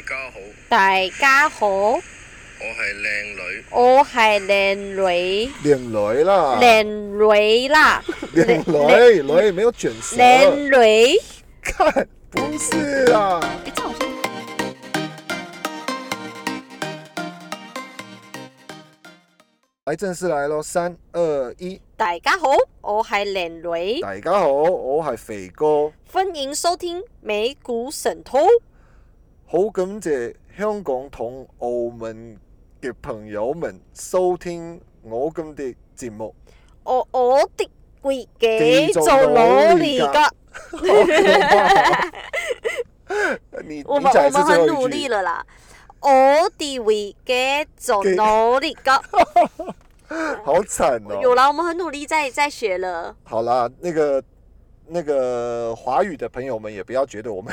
大家好，大家好，我係靚女，我係靚女，靚女啦，靚女啦，靚女，靚女沒有捲縮，靚女，看，不是啊。來正式來咯，三二一，大家好，我係靚女，大家好，我係肥哥，歡迎收聽美股神偷。好感謝香港同澳門嘅朋友們收聽節我咁嘅節目。我我啲會 g e 努力噶，我我我們很努力了啦，我啲會 g e 努力噶，好慘哦。有啦，我們很努力，再再學啦。好啦，那個、那個華語的朋友們也不要覺得我們。